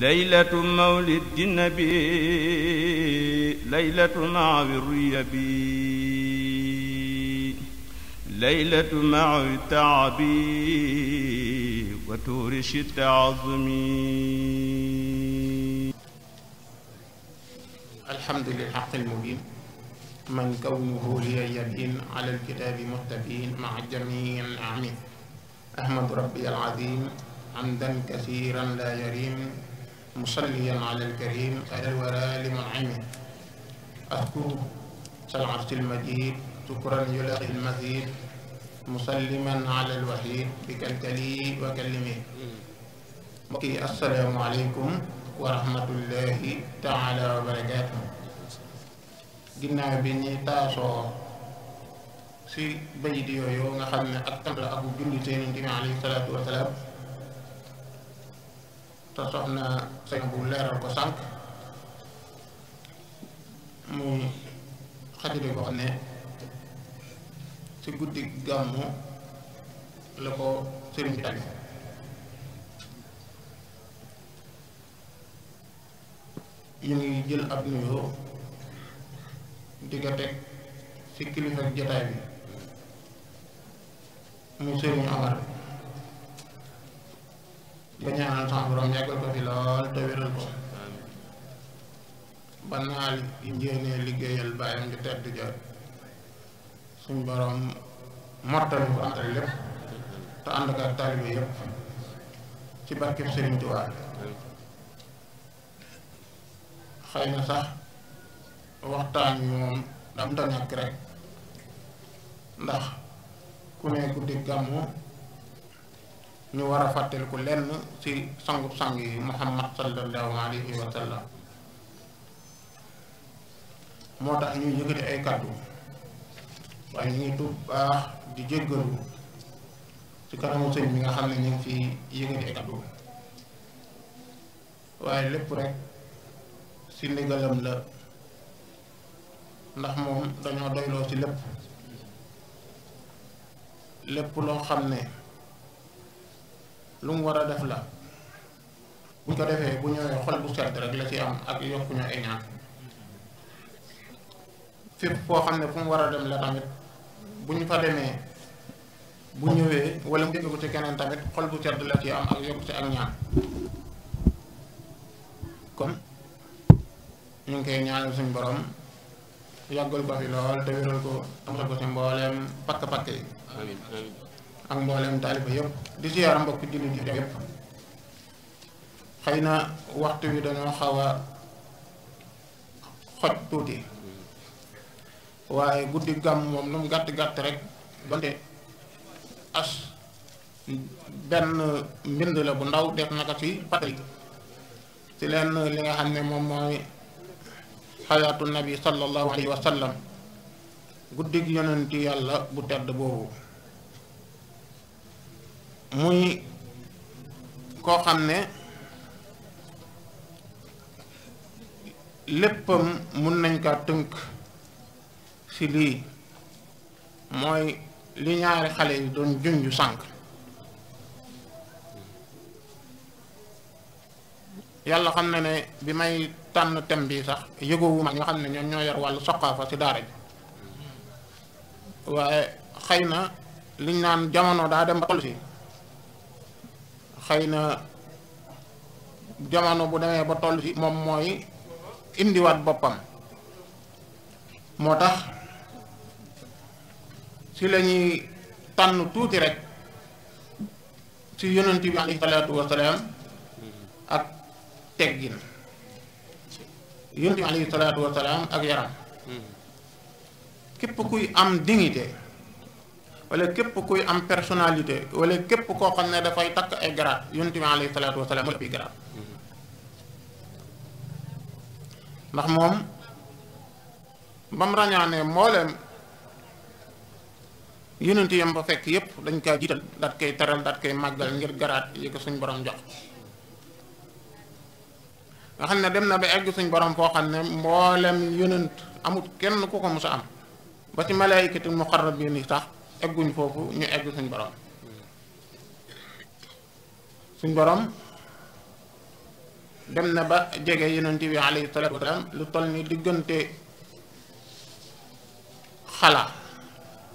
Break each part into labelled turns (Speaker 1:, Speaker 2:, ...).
Speaker 1: laylatu mawlidi nabi laylatu maawi ruyabi laylatu maawi taabi wa tuuri si taazumi alhamdulilah almubin man kawnuhu liya yabin ala alkitaabi muhtabin maa jamiin amin ahmadu rabbi alazim amdan kasiran la yarim musalliyan ala alkarim alwara limunimi askuru salati almajid shukran yulaqi almazid musalliman ala alwahid bi kalkali wa kallimi mbokk yi asalaamu aleykum wa rahmatullahi taala wa barakaatu ginnaaw bi ñuy taasoo si bayit yooyu nga xam ne ak tam la ak julli seen Nabi alayhi salaatu wa salaam te soxna sëñ bu leeral ko sànq muy xasida boo xam ne ci guddi gàmmu la ko sëriñ tali ñu ngi jël ab nuyoo di ko teg ci bi muy sëriñ Amar di ñaanal sama borom yàggal ko fi lool te wéral ko ba naal njéenee liggéeyal bàyyam ju tedd ja suñ borom mottali ko àttali lépp te ak taalibe yépp ci barkeb Sëriñ Tuubaa xëy na sax waxtaan moom dam ta rek ndax ku ne guddi gàmmu ñu war a fàttaliku lenn ci sangu sang yi muhammad sallallahu alayhi wa moo tax ñuy yëkkati ay kàddu waaye ñu ngi tuub baax di jéggalu ci kanamu sëñ bi nga xam ne ñu ngi fi yëkkati ay kàddu waaye lépp rek si ndigalam la ndax moom dañoo doyloo ci lépp lépp loo xam ne lu mu war a def la buñ ko defee bu ñëwee xol bu sedd rek la ci am ak yokkuñu ay ñaan fépp foo xam ne fu mu war a dem la tamit bu ñu fa demee bu ñëwee wala mu ko ci keneen tamit xol bu sedd la ci am ak yokku ci ak ñaan kon ñu ngi koy ñaanal suñu borom yàggal ko fi lool te wéral ko am ko ci mbooleem pakk pakk yi ak mbooleem taaliba yëpp di ziyaara mbokk jullit yi yëpp xëy na waxtu wi dañoo xaw a xoj tuuti waaye guddi gàmm moom lu mu gàtt gàtt rek donte as benn mbind la bu ndaw def naka ci fàttali ci leen li nga xam ne moom mooy xayaatu nabi sallallahu alayhi wa sallam guddi yonenti yàlla bu tedd boobu muy koo xam ne léppam mun nañ kaa tënk ci lii mooy li ñaari xale yi doon yu sànq yàlla xam na ne bi may tànn tem bii sax yëgowuma nga xam ne ñoom ñoo yor wàllu soqaafa ci daara ji waaye xëy na liñ naan jamono daa dem ba toll xëy na jamono bu demee ba toll ci moom mooy indiwaat boppam moo tax ci la ñuy tànn tuuti rek ci yonent bi alayhi salaatu wasalaam ak teggin yonent bi alayhi salaatu wasalaam ak yaram hmm. képp kuy am dignité wala képp kuy am personnalité wala képp koo xam ne dafay takk ay garaat yonent bi alayhi salaatu wa salaam bi garaat ndax moom ba mu ràññaanee mbooleem yonent yam ba fekk yépp dañ kaa jiital daat koy teral daat koy màggal ngir garaat yi suñ borom jox nga xam ne dem na ba egg suñ borom foo xam ne mboolem yonent amut kenn ku ko mos a am ba ci malaayikatul muqarrabin yi sax egguñ foofu ñu egg suñ borom suñ boroom dem na ba jege yonent bi alayhi salaatu lu toll ni diggante xala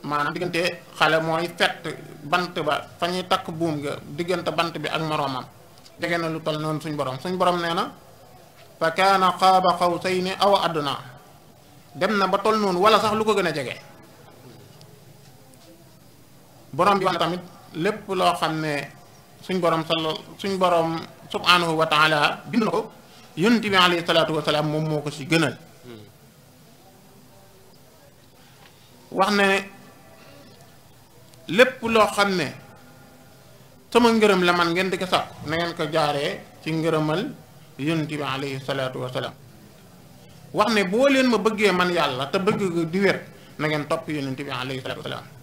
Speaker 1: maanaam diggante xale mooy fett bant ba fa ñuy takk buum ga diggante bant bi ak moroomam jege na lu toll noonu suñ borom suñ borom nee na fa kaana qaaba qawsayni aw àdduna dem na ba toll noonu wala sax lu ko gën a jege borom bi wax tamit lépp loo xam ne suñ borom sala suñ borom subhanahu wa taala bind na ko yonent bi alayhi salaatu wa salaam moom moo ko ci gënal wax ne lépp loo xam ne sama ngërëm la man ngeen di ko sàkk na ngeen ko jaaree ci ngërëmal yonent bi alayhi salaatu wa salaam wax ne boo leen ma bëggee man yàlla te bëgg di wér na ngeen topp yonent bi alayhi salaatu wa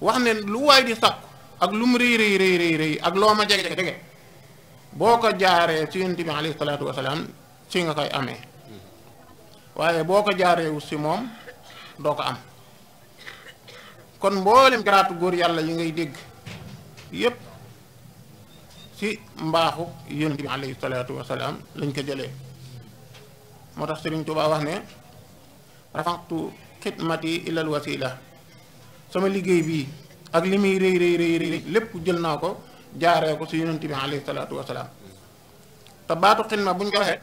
Speaker 1: wax ne lu waay di sakku ak lu mu rëy rëy rëy ak loo ma jege jege boo ko jaaree ci yonent bi alayhi salaatu wasalaam ci nga koy amee waaye boo ko jaareewu si moom doo ko am kon mboolem garaatu góor yàlla yi ngay dégg yépp ci mbaaxu yonent bi alayhi salaatu wasalaam lañ ko jëlee moo tax Sëriñ Tuubaa wax ne rafaqtu xidmati ilal wasila sama liggéey bii ak li muy rëy rëy rëy rëy lépp jël naa ko jaaree ko ci yonent bi alayhi salaatu wasalaam te baatu xidma bu buñ ko waxee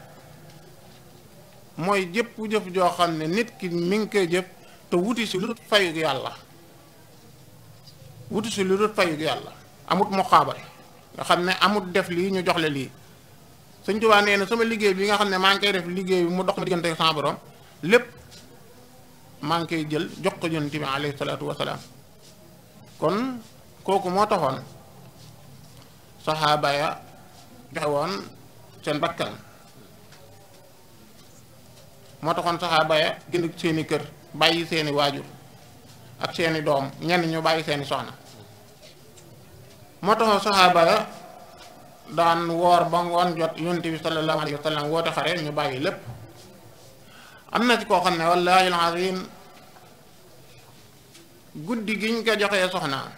Speaker 1: mooy jëpp jëf joo xam ne nit ki mi ngi koy jëf te wuti si lu dul fayug yàlla wuti si lu dul yàlla amut mu xaabal nga xam ne amut def lii ñu jox la lii Sëñ Tuubaa nee sama liggéey bi nga xam ne maa ngi koy def liggéey bi mu dox ma diggante sama borom lépp maa ngi koy jël jox ko yonent bi alayhi salaatu wasalaam kon kooku moo taxoon saxaaba ya joxe woon seen bakkan moo taxoon saxaaba ya génn seeni kër bàyyi seeni waajur ak seeni doom ñenn ñu bàyyi seeni soxna moo taxoon saxaaba ya daan woor ba ngoon jot yonent bi sallallahu alayhi wa woote xare ñu bàyyi lépp am na ci koo xam ne wallaahi alazim guddi gi ñu ko joxee soxnaam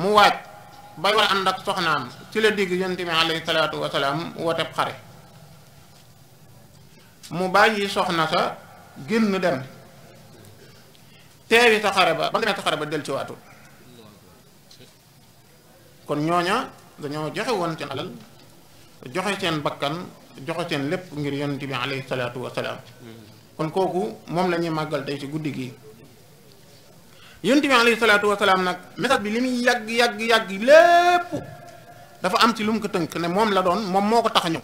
Speaker 1: mu waaj bay war ànd ak soxnaam ci la digg yonent bi alayhi salaatu wasalaam wooteb xare mu bàyyi soxna sa génn dem teewi xare ba ba demee sa xare ba del ci waatul kon ñooña dañoo joxe woon seen alal joxe seen bakkan joxe seen lépp ngir yonent bi alayhi salaatu wa salaam kon kooku moom lañuy màggal tey ci guddi gi yonent bi alayhi salaatu wa nag message bi li muy yàgg yàgg yàgg lépp dafa am ci lu ko tënk ne moom la doon moom moo ko tax a ñëw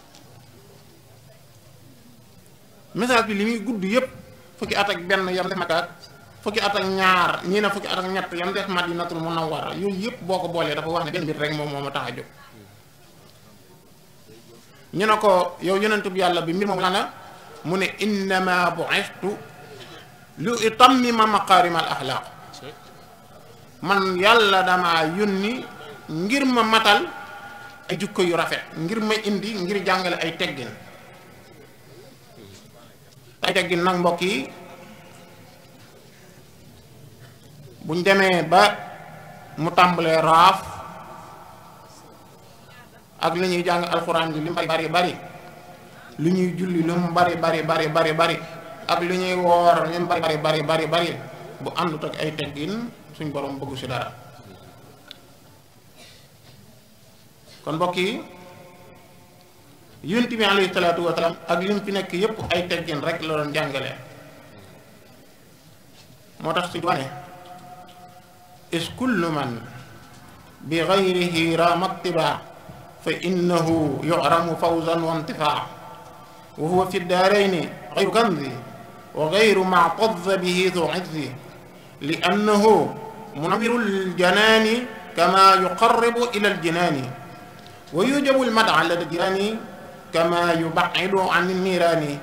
Speaker 1: message bi li muy gudd yépp fukki at ak benn yam def makaat fukki at ak ñaar ñii na fukki at ak ñett yam def madinatul yooyu yëpp boo ko boolee dafa wax ne benn mbir rek moom moo ma tax a jóg ñu ne ko yow yonentub yàlla bi mbir moom la na mu ne innama bu'ithtu lu utammima maqaarima al axlaaq man yàlla dama yónni ngir ma matal ay jukko yu rafet ngir ma indi ngir jàngale ay teggin ay teggin nag mbokk yi buñ demee ba mu tàmbalee raaf ak li ñuy jàng alxuraan ji li mu bari bari li ñuy julli li bari bari bari bari bari ak li ñuy woor li mu bari bari bari bari bu àndut ak ay teggin suñ borom bëggu ci dara kon mbokk yi yonent bi alayhi salaatu ak li mu fi nekk yëpp ay teggin rek la doon jàngale moo tax ci wane is kullu man bi gayrihi raama tibaa fa innahu yuramu fawzan wa intifaa wa huwa fi daarayni gayru kanzi wa gayru mactazza bihi tuizzi li annahu munawiru ljanaani kama yuqarribu ila aljinaani wa yujabu almad'a lada jiraani kama yubacidu an alniiraani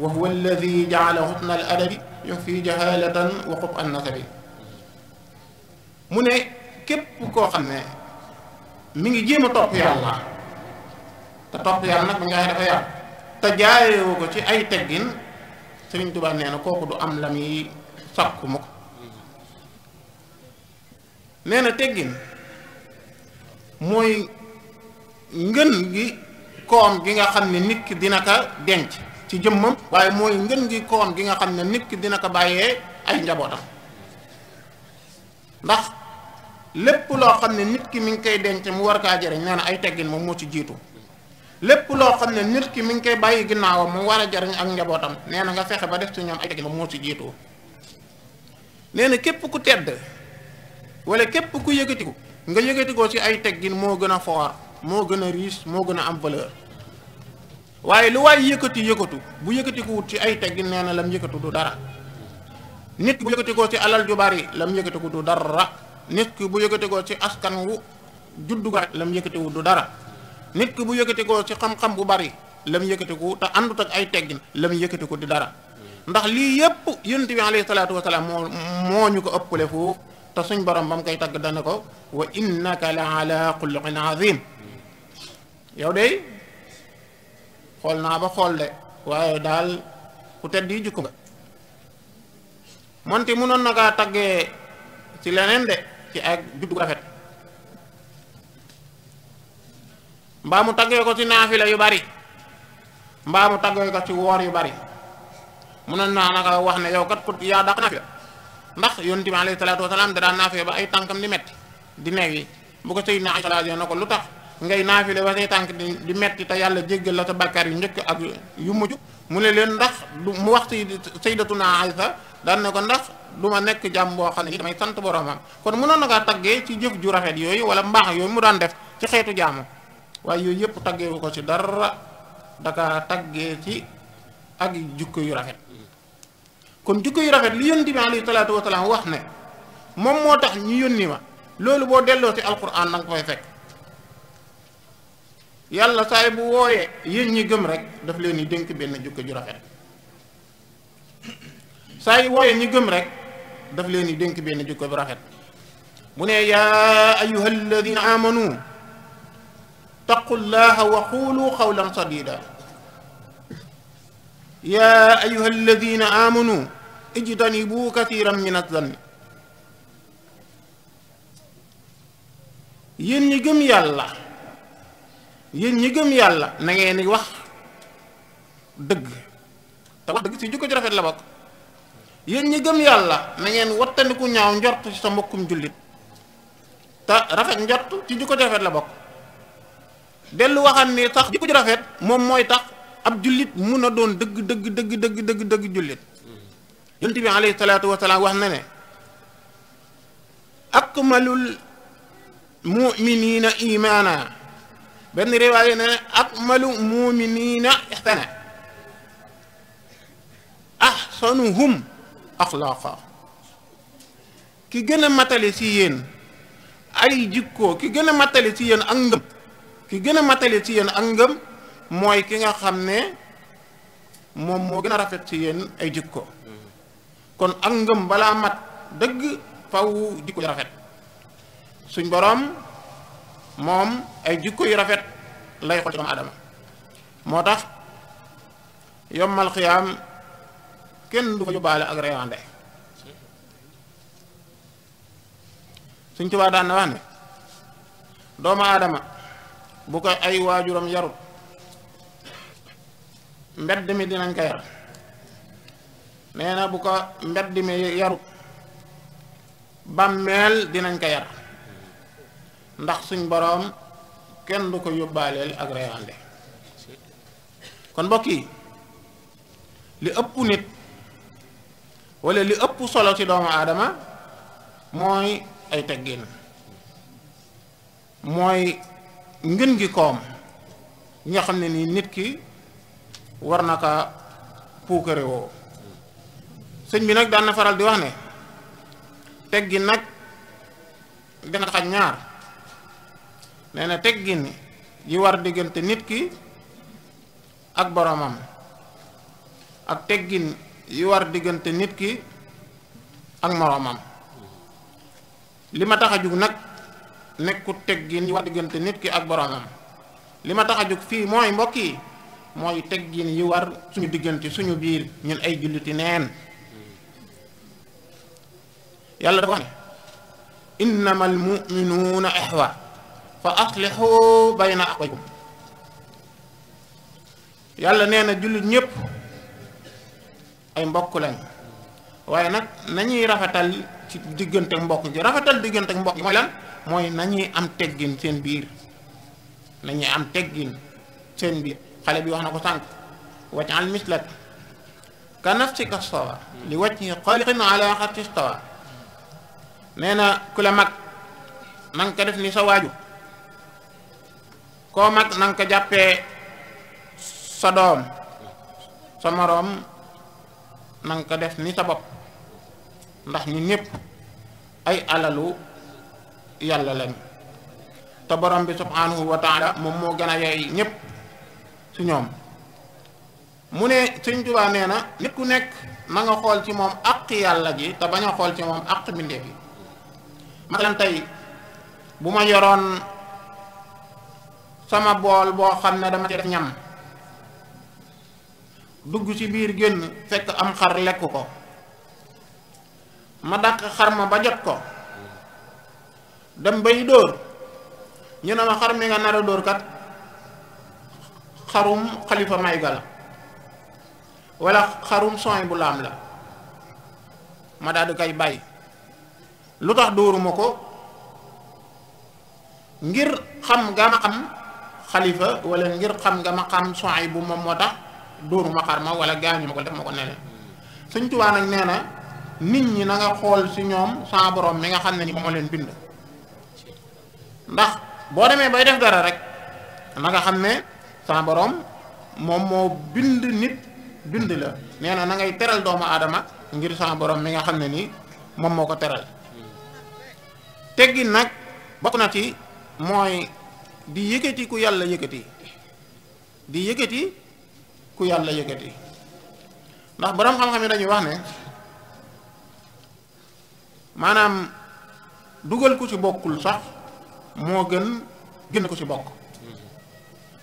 Speaker 1: wa huwa alladi jacala husna aladabi yufi jahalatan wa qub'a annasabi mu ne képp koo xam ne mi ngi jéem a topp yàlla te topp yàlla nag bu ñu waxee dafa yàlla te jaarewu ko ci ay teggin Sëriñ Tuubaa nee na kooku du am la muy sàkku ko nee na teggin mooy ngën gi koom gi nga xam ne nit ki dina ko denc ci jëmmam waaye mooy ngën gi koom gi nga xam ne nit dina ko bàyyee ay njabootam ndax lépp loo xam ne nit ki mi ngi koy denc mu war kaa jariñ nee na ay teggin moom moo ci jiitu lépp loo xam ne nit ki mi ngi koy bàyyi ginnaawam mu war a jariñ ak njabootam nee na nga fexe ba def ci ñoom ay teggin moom moo ci jiitu nee na képp ku tedd wala képp ku yëkkatiku nga yëkkatikoo ci ay teggin moo gën a foor moo gën a riche moo gën a am valeur waaye lu waay yëkkatu bu yëkkatikuwut ci ay teggin nee na lam yëkkatu du dara nit bu yëkkatikoo ci alal ju bari lam yëkkatiku du dara nit ki bu yëkkatikoo ci askan wu juddu la mu yëkkatiwu du dara nit ki bu yëkkatikoo ci xam-xam bu bari lam yëkkatiku te àndut ak ay teggin lam yëkkatiku di dara ndax lii yépp yonent bi alayhi ñu ko ëppale foofu te suñ borom ba koy tagg dana ko wa innaka la yow de xool naa ba xool de waaye daal ku tedd yi jukku nga monti mënoon naga kaa taggee ci leneen de ci ak juddu rafet mbaa mu taggee ko ci naafila yu bari mbaa mu taggee ko ci woor yu bari mun munoon naa naka wax ne yow kat ko yaa daq naafila ndax yonent bi alayhi salaatu wasalaam da daan naafila ay tànkam di metti di neew yi bu sëy naa ay salaat na ko lu tax ngay naafile ba say tànk di metti te yàlla jéggal la sa bàkkaar yu njëkk ak yu mujj mu ne leen ndax du mu wax si saydatuna Aysa daan ne ko ndax du ma nekk jàmm boo xam ne damay sant boromam kon mënoon na kaa taggee ci jëf ju rafet yooyu wala mbaax yooyu mu daan def ci xeetu jaamu waaye yooyu yëpp taggeewu ko ci dara dakaa taggee ci ak jukko yu rafet kon yu rafet li yónni bi alayhi salaatu wasalaam wax ne moom moo tax ñu yónni ma loolu boo delloo si alquran na nga koy fekk yàlla saay bu wooyee yéen ñi gëm rek daf leen di dénk benn jukko ju rafet saay wooyee ñi gëm rek daf leen di dénk benn jukko bu rafet mu ne yaa ayuha amanu taqullaha wa quulu qawlan sadida yaa ayuha alladina amanu ijtanibu kathiran min azzanni yéen ñi gëm yàlla yéen ñi gëm yàlla na ngeen di wax dëgg te wax dëgg ci jikko ju rafet la bokk yéen ñi gëm yàlla na ngeen wattandiku ñaaw njort ci sa mbokkum jullit te rafet njort ci jikko ju rafet la bokk dellu waxam ni sax jikko ju rafet moom mooy tax ab jullit mun a doon dëgg dëgg dëgg dëgg dëgg dëgg jullit yonent bi alayhi salaatu wa wax na ne akmalul muminina imaana benn riwaaya nee na akmalu muminina ixsana ahsanuhum axlaaqa ki gën a matale ci yéen ay jikkoo ki gën a matale ci yéen ak ngëm ki gën a matale ci yéen ak ngëm mooy ki nga xam ne moom moo gën a rafet ci yéen ay jikko kon ak ngëm balaa mat dëgg faw jikko rafet suñ boroom moom ay jikko yu rafet lay xool ci doomu aadama moo tax yommal xiyaam kenn du fa yóbbaale ak reyaande suñ tubaa wax ne doomu aadama bu ko ay waajuram yarut mbedd mi dinañ ko yar nee bu ko mbedd mi yarut bàmmeel dinañ ko yar ndax suñ borom kenn du ko yóbbaaleel ak reyaande kon mbokk yi li ëpp nit walla li ëpp solo ci doomu aadama mooy ay teggin mooy ngën gi koom ñi nga xam ne nii nit ki war na ka puukare sëñ bi nag daan na faral di wax ne teggin nag danga tax ñaar nee na teggin yi war diggante nit ki ak boroomam ak teggin yi war diggante nit ki ak moroomam li ma tax a jóg nag nekkut teggin yi war diggante nit ki ak boroomam li ma tax a jóg fii mooy mbokk yi mooy teggin yi war suñu diggante suñu biir ñun ay julliti neen yàlla dafa indi na ne innamal muminuuna ixwa fa aslihu bayna aqwaykum yàlla nee na jullit ñépp ay mbokk lañ waaye nag nañuy rafetal ci diggante mbokk ji rafetal diggante mbokk gi mooy lan mooy nañuy am teggin seen biir nañuy am teggin seen biir xale bi wax na ko sànq waj'al mislak ka ci sawa li wajhi xaaliqin ala xati stawa nee na ku la mag na ko def ni sa waaju koo mag na nga ko jàppee sa doom sa moroom na nga ko def ni sa bopp ndax ñu ñépp ay alalu yàlla lañ te borom bi subhanahu wa moom moo gën a yey ñépp ci ñoom mu ne sëñ Tuubaa nee na nit ku nekk na nga xool ci moom àq yàlla ji te bañ a xool ci moom àq mbindeef yi masalan tey bu ma yoroon sama bool boo xam ne dama ci def ñam dugg ci biir génn fekk am xar lekk ko ma dàq xar ma ba jot ko dem bay dóor ñu ne ma xar mi nga nar a dóor kat xarum xalifa mayga la wala xarum soñ bu laam la ma daal di koy bàyyi lu tax dóoruma ko ngir xam gaa xam xalifa wala ngir xam nga ma xam soy bu moom moo tax dóoru ma xar ma wala gaañu ma ko def ma ko neneen suñ tubaa nag nee na nit ñi na nga xool si ñoom sa borom mi nga xam ne ni moo leen bind ndax boo demee bay def dara rek na xam ne sa moom moo bind bind la nee na na ngay teral doomu aadama ngir sa borom mi nga xam ne ni moom moo ko teral teggin nag bokk na ci mooy di yëkkati ku yàlla yëkkati di yëkkati ku yàlla yëkkati ndax borom xam-xam yi dañuy wax ne maanaam dugal ku ci bokkul sax moo gën génn ko ci bokk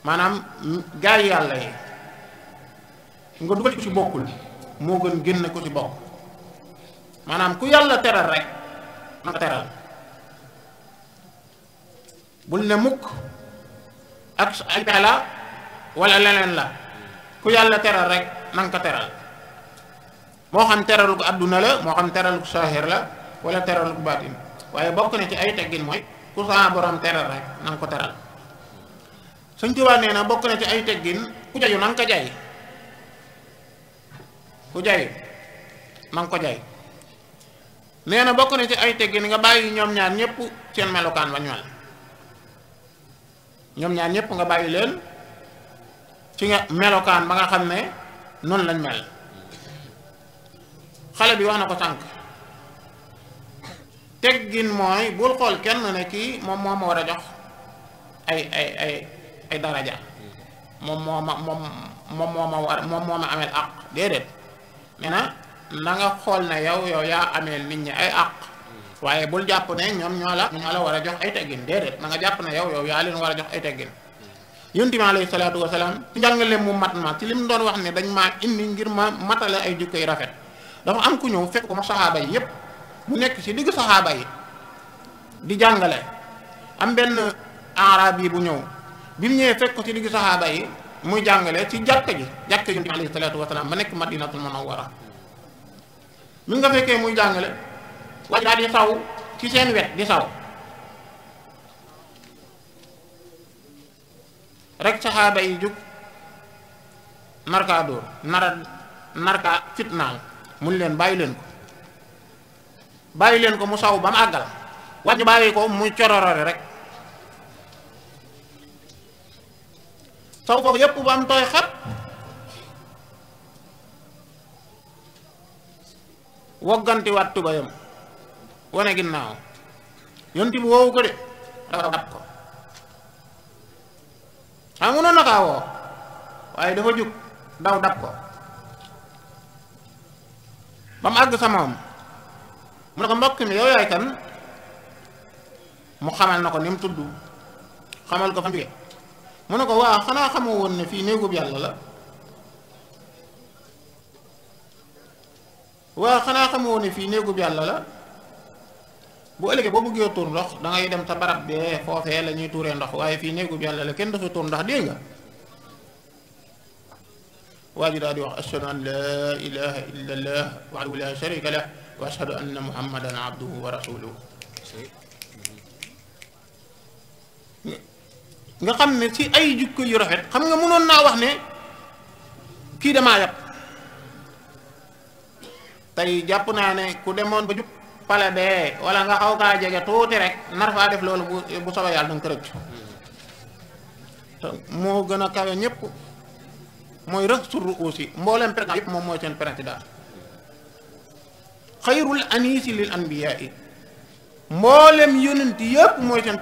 Speaker 1: maanaam gaay yàlla yi nga dugal ku ci bokkul moo gën génn ko ci bokk maanaam ku yàlla teral rek na teral bul ne mukk ak ay pexe wala leneen la ku yàlla teral rek nanga ko teral moo xam teralug àdduna la moo xam teralug saaxir la wala teralug baatin waaye bokk na ci ay teggin mooy ku sa borom teral rek nanga ko teral suñ Tuubaa nee na bokk na ci ay teggin ku nanga ko jaay ku jayu nanga ko jaay nee na bokk na ci ay teggin nga bàyyi ñoom ñaar ñëpp seen melokaan ba ñu ñoom ñaar ñëpp nga bàyyi leen ci nga melokaan ba nga xam ne noonu lañ mel xale bi wax na ko sànq teggin mooy bul xool kenn ne kii moom moo ma war a jox ay ay ay ay daraja moom moo ma moom moom moo ma war moom ameel àq déedéet nee na na nga xool ne yow yow yaa amee nit ñi ay àq waaye bul jàpp ne ñoom ñoo la ñoo la war a jox ay teggin déedéet na nga jàpp ne yow yow yaa leen war a jox ay teggin yonent bi alayhi salaatu wasalaam ci njàngaleem mu mat ma ci li mu wax ne dañ maa indi ngir ma matale ay jikko yu rafet dafa am ku ñëw fekk ko ma saxaaba yi yépp mu nekk ci digg saxaaba yi di jàngale am benn arab yi bu ñëw bi ñëwee fekk ko ci digg saxaaba yi muy jàngale ci jàkka ji jàkka ji alayhi salaatu wasalaam ba nekk madinatul munawwara mi nga fekkee muy jàngale waj daa di saw ci seen wet di saw rek saxaaba yi jug narkaa nara narkaa fitnaal mun leen bàyyi leen ko bàyyi leen ko mu saw ba àggal waj bàyyi ko mu cororore rek saw foofu yépp ba tooy xat wogganti wat wane ginnaaw yonent bi woowu ko de dafa dab ko xam nga noonu na waaye dafa jug daw dab ko ba mu àgg sa moom mu ne ko mbokk mi yow yaay kan mu xamal na ko ni mu tudd xamal ko fa mu mu ne ko waa xanaa xamoo woon ne fii néegub yàlla la waa xanaa xamoo woon ne fii néegub yàlla la bu ëllëgee boo bëggee tuur ndox da dem sa barab bee foofee la ñuy tuuree ndox waaye fii néegub yàlla la kenn dafa tuur ndox dégg nga daal di wax ashhadu wa ashhadu anna muhammadan abduhu wa xam ne ci ay jikko yu rafet xam nga mënoon naa wax ne kii damaa yàpp tey jàpp naa ne ku demoon ba jub pale bee wala nga xaw kaa jege tuuti rek nar faa def loolu bu bu soobee yàlla danga ko rëccu moo gën a kawe ñëpp mooy rëx surru aussi mbooleem président yëpp moom mooy seen président xayrul anisi lil anbiyaa yi mboolem yonent yëpp mooy seen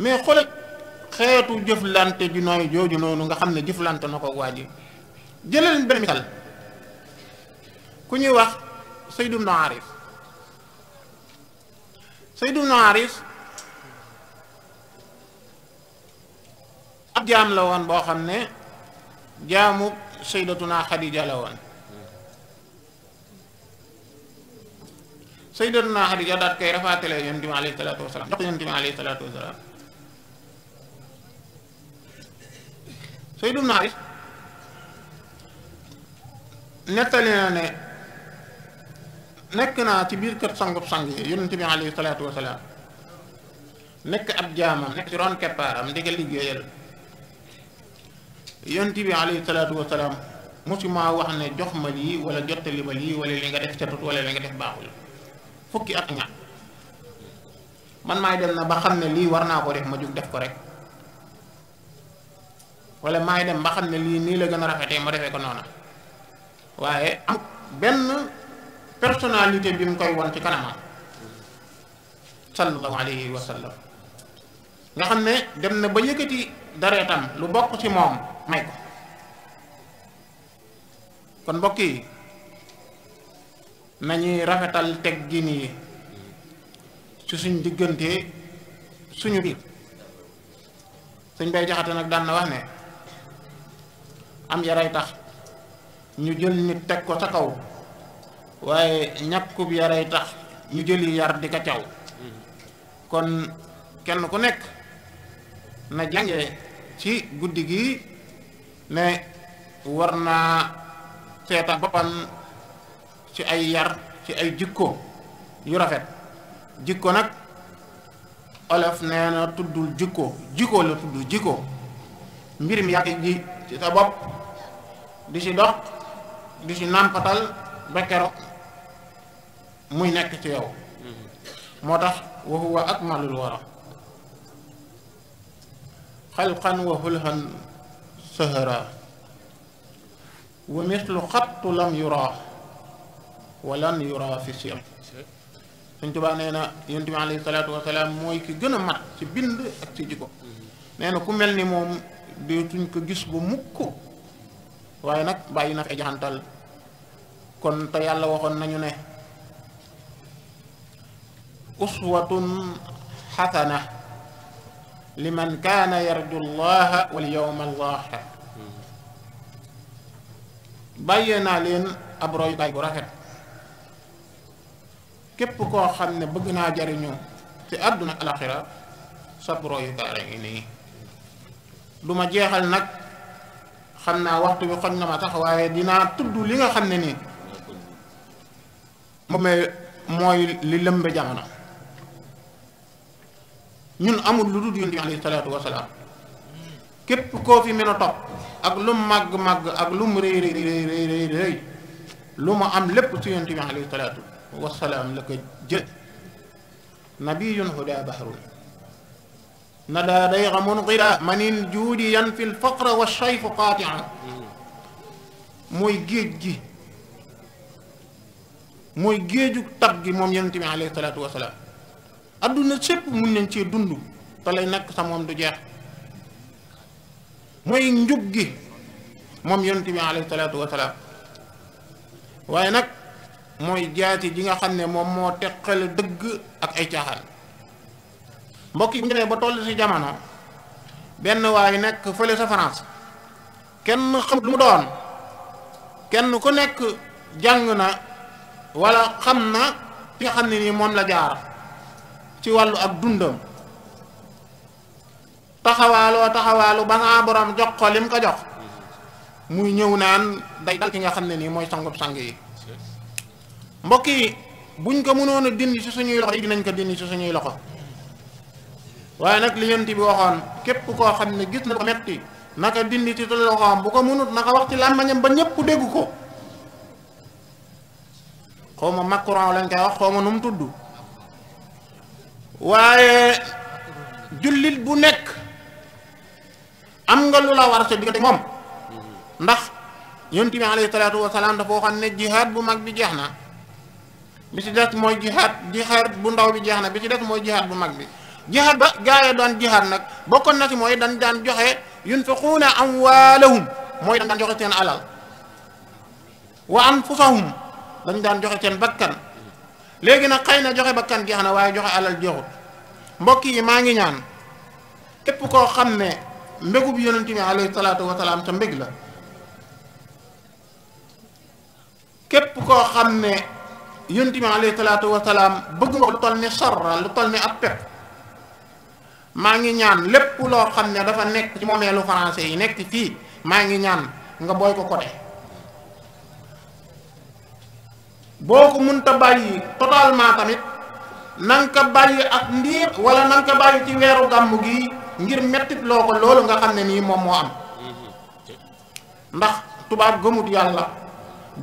Speaker 1: mais xoolal xeetu jëflante ju nooy jooju noonu nga xam ne jëflante na ko waa ji jëlee leen benn misaal ku ñuy wax Sayd ibn Arif Sayd ibn Arif ab jaam la woon boo xam ne jaamu saydatuna Xadija la woon saydatuna Xadija daat koy rafaatale yonent bi alayhi salaatu wasalaam jox yonent bi alayhi salaatu wasalaam Sayd ibn Arif nettali na ne nekk naa ci biir kër sangub sang yi yonente bi alayhi salaatu wasalaam nekk ab jaamam nekk ci ron keppaaram di ko liggéeyal yonente bi alayhi salaatu wasalaam musuma wax ne jox ma lii wala jottali ma lii wala li nga def catut wala li nga def baaxul fukki at ñaar man maay dem na ba xam ne lii war naa ko def ma jug def ko rek wala maay dem ba xam ne lii nii la gën a rafetee ma defee ko noona waaye am benn personnalité bi mu koy won ci kanamam sallallahu alayhi wa sallam nga xam ne dem na ba yëkkati dareetam lu bokk ci moom may ko kon mbokk yi nañuy rafetal teg teggin yi ci suñ diggante suñu biir suñ bay jaxate nag daan na wax ne am yaray tax ñu jël nit teg ko sa kaw waaye ñàkkub yaray tax ñu jëli yar di ka caw kon kenn ku nekk na jànge ci guddi gi ne war naa seeta boppam ci ay yar ci ay jikko yu rafet jikko nag olof nee na tuddul jikko jikko la tudd jikko mbir mi yàgg ji ci sa bopp di ci dox di ci nàmpatal ba keroog muy nekk ci yow moo tax wa huwa akmalul wara xalqan wa hulhan sahara wa mislu xattu lam yuraa wa lan yuraa fi siyam suñ tubaa nee na yonent salaatu wasalaam mooy ki gën a mat ci bind ak ci jikko nee ku mel ni moom deetuñ ko gis ba mukk waaye nag bàyyi na fi jaxantal kon te yàlla waxoon nañu ne uswatun xasana liman kaana yarju llaha wal yawma bàyyee naa leen ab royukaay bu rafet képp koo xam ne bëgg naa jariñu ci àdduna alaxira sab royukaay rek nii du ma jeexal nag xam naa waxtu bi xoñ na ma tax waaye dinaa tudd li nga xam ne nii moom mooy li lëmbe jamono ñun amul lu dul yonent bi alayhi salaatu wasalaam képp koo fi mën topp ak lu mu màgg màgg ak lu mu rëy rëy rëy rëy rëy lu mu am lépp ci yonent bi alayhi salaatu wasalaam la ko jël nabiyun huda bahrun nada manin juudi yan fi lfaqra wa shayfu qaatia mooy géej gi mooy géeju tab gi moom yonent bi alayhi salaatu wasalaam adduna sépp mun nañ cee dund te lay nekk sa moom du jeex mooy njub gi moom yonent bi alayhi salaatu wasalaam waaye nag mooy jaati ji nga xam ne moom moo teqale dëgg ak ay caaxaan mbokk yi ba toll si jamono benn waaye nekk fële sa France kenn mu doon kenn ku nekk jàng na wala xam na fi nga xam ne nii moom la jaar ci wàllu ak dundam taxawaaloo taxawaalu ba saa borom jox ko lim ko jox muy ñëw naan day dal ki nga xam ne nii mooy sangub sang yi mbokk yi buñ ko mënoon a dindi ci suñuy loxo ko dindi ci loxo waaye nag li yonent bi waxoon képp koo xam ne gis na ko metti naka dindi ci loxoom bu ko mënut naka wax ci làmmañam ba ñépp dégg ko xaw ma macron lañ koy wax xaw ma nu mu tudd waaye jullit bu nekk am nga lu la war sa diggante moom ndax yonent bi alayhi salaatu wasalaam dafa waxoon ne jihaad bu mag bi jeex na bi ci des mooy jihaad jihaad bu ndaw bi jeex na bi ci des mooy jihaad bu mag bi jihaad ba gaa yi daan jihaad nag bokkoon na ci mooy dañ daan joxe yunfiquuna amwaalahum mooy dañ daan joxe seen alal wa anfusahum dañ daan joxe seen bakkan léegi nag xëy na joxe bakkan jeex na waaye joxe alal jeexut mbokk yi maa ngi ñaan képp koo xam ne mbégub yonent bi alayhi salaatu wa salaam te mbég la képp koo xam ne yonent bi alayhi salaatu wa salaam lu toll ni sarra lu toll ni ab pepp maa ngi ñaan lépp loo xam ne dafa nekk ci moomeelu français yi nekk fii maa ngi ñaan nga booy ko côté boo ko ta bàyyi totalement tamit na nga ko ak ndiir wala na nga ko bàyyi ci weeru gàmmu gi ngir mettit loo ko loolu nga xam ne nii moom moo am ndax tubaab gëmut yàlla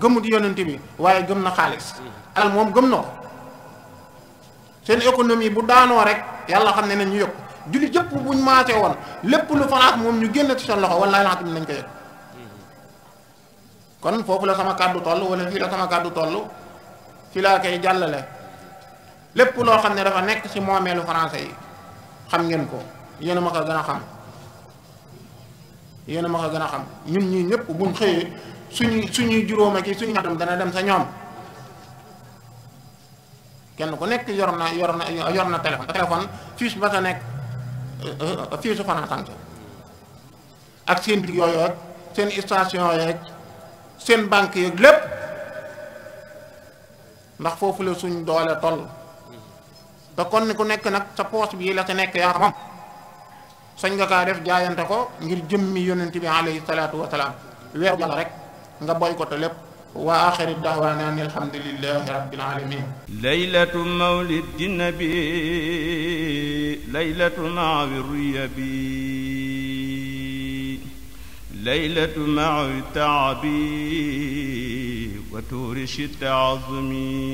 Speaker 1: gëmut yonent bi waaye gëm na xaalis alal moom gëm na ko seen économie bu daanoo rek yàlla xam ne ne ñu yëg jullit yëpp buñ maase woon lépp lu fanaat moom ñu génn ci seen loxo wala laata nañ ko yëg kon foofu la sama kàddu toll wala fii la sama kàddu toll ci laa koy jàllale lépp loo xam ne dafa nekk ci moomeelu français yi xam ngeen ko yéen a ma ko gën a xam yéen ma ko gën a xam ñun ñii ñëpp buñ xëyee suñuy suñuy juróom su suñu ñatam dana dem sa ñoom kenn ku nekk yor na yor na yor na téléphone téléphone fiche ba sa nekk euh, euh, fiche su France ak seen bitig yooyu ak seen station yeeg seen banque yeeg lépp ndax foofu la suñ doole toll te kon ni ku nekk nag sa poos bii la ca nekk yaa xam sañ nga kaa def jaayante ko ngir jëmmi yonent bi alayhi salaatu wa salaam weer rek nga boy ko te lépp wa axiri daawaana an alhamdulilahi rabbil alamin
Speaker 2: laylatu mawlidi nabi
Speaker 1: laylatu maawi bi وتورشد عظمي